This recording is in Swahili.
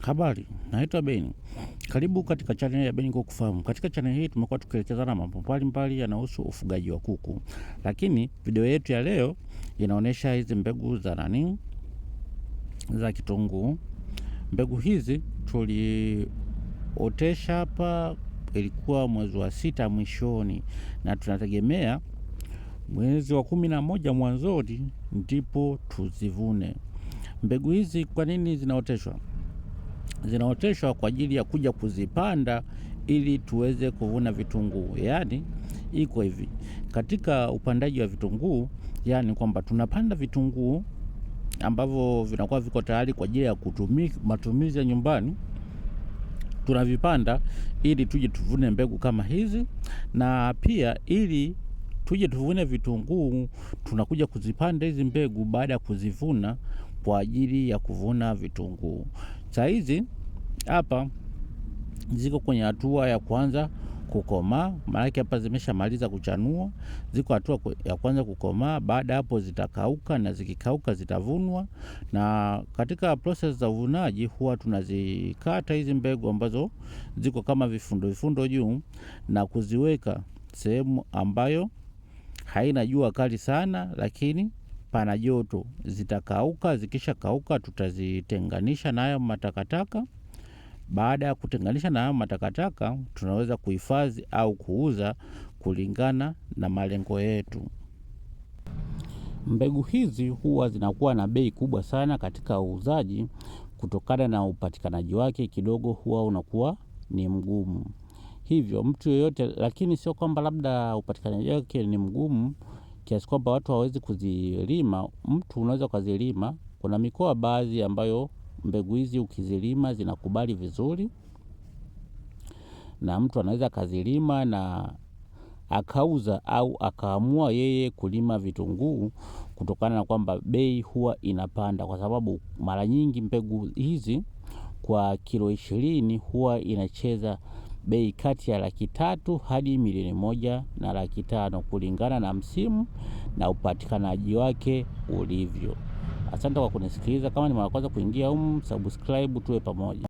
Habari, naitwa Beni. Karibu katika chaneli ya Beni Kukufahamu. Katika chaneli hii tumekuwa tukielekezana mambo mbalimbali yanayohusu ufugaji wa kuku, lakini video yetu ya leo inaonyesha hizi mbegu za nani, za kitunguu. Mbegu hizi tuliotesha hapa, ilikuwa mwezi wa sita mwishoni, na tunategemea mwezi wa kumi na moja mwanzoni ndipo tuzivune mbegu hizi. Kwa nini zinaoteshwa? zinaoteshwa kwa ajili ya kuja kuzipanda ili tuweze kuvuna vitunguu. Yaani iko hivi katika upandaji wa vitunguu, yaani kwamba tunapanda vitunguu ambavyo vinakuwa viko tayari kwa ajili ya kutumika matumizi ya nyumbani tunavipanda ili tuje tuvune mbegu kama hizi, na pia ili tuje tuvune vitunguu, tunakuja kuzipanda hizi mbegu baada ya kuzivuna kwa ajili ya kuvuna vitunguu. hizi hapa ziko kwenye hatua ya kwanza kukomaa, maanake hapa zimeshamaliza kuchanua, ziko hatua ya kwanza kukomaa. Baada hapo zitakauka, na zikikauka zitavunwa. Na katika proses za uvunaji huwa tunazikata hizi mbegu ambazo ziko kama vifundo vifundo juu na kuziweka sehemu ambayo haina jua kali sana, lakini pana joto, zitakauka. Zikishakauka tutazitenganisha na matakataka. Baada ya kutenganisha na matakataka, tunaweza kuhifadhi au kuuza kulingana na malengo yetu. Mbegu hizi huwa zinakuwa na bei kubwa sana katika uuzaji, kutokana na upatikanaji wake kidogo huwa unakuwa ni mgumu. Hivyo mtu yoyote, lakini sio kwamba labda upatikanaji wake ni mgumu, kiasi kwamba watu hawawezi kuzilima. Mtu unaweza ukazilima. Kuna mikoa baadhi ambayo mbegu hizi ukizilima zinakubali vizuri, na mtu anaweza akazilima na akauza au akaamua yeye kulima vitunguu kutokana na kwamba bei huwa inapanda, kwa sababu mara nyingi mbegu hizi kwa kilo ishirini huwa inacheza bei kati ya laki tatu hadi milioni moja na laki tano kulingana na msimu na upatikanaji wake ulivyo. Asante kwa kunisikiliza. Kama ni mara kwanza kuingia humu, subscribe tuwe pamoja.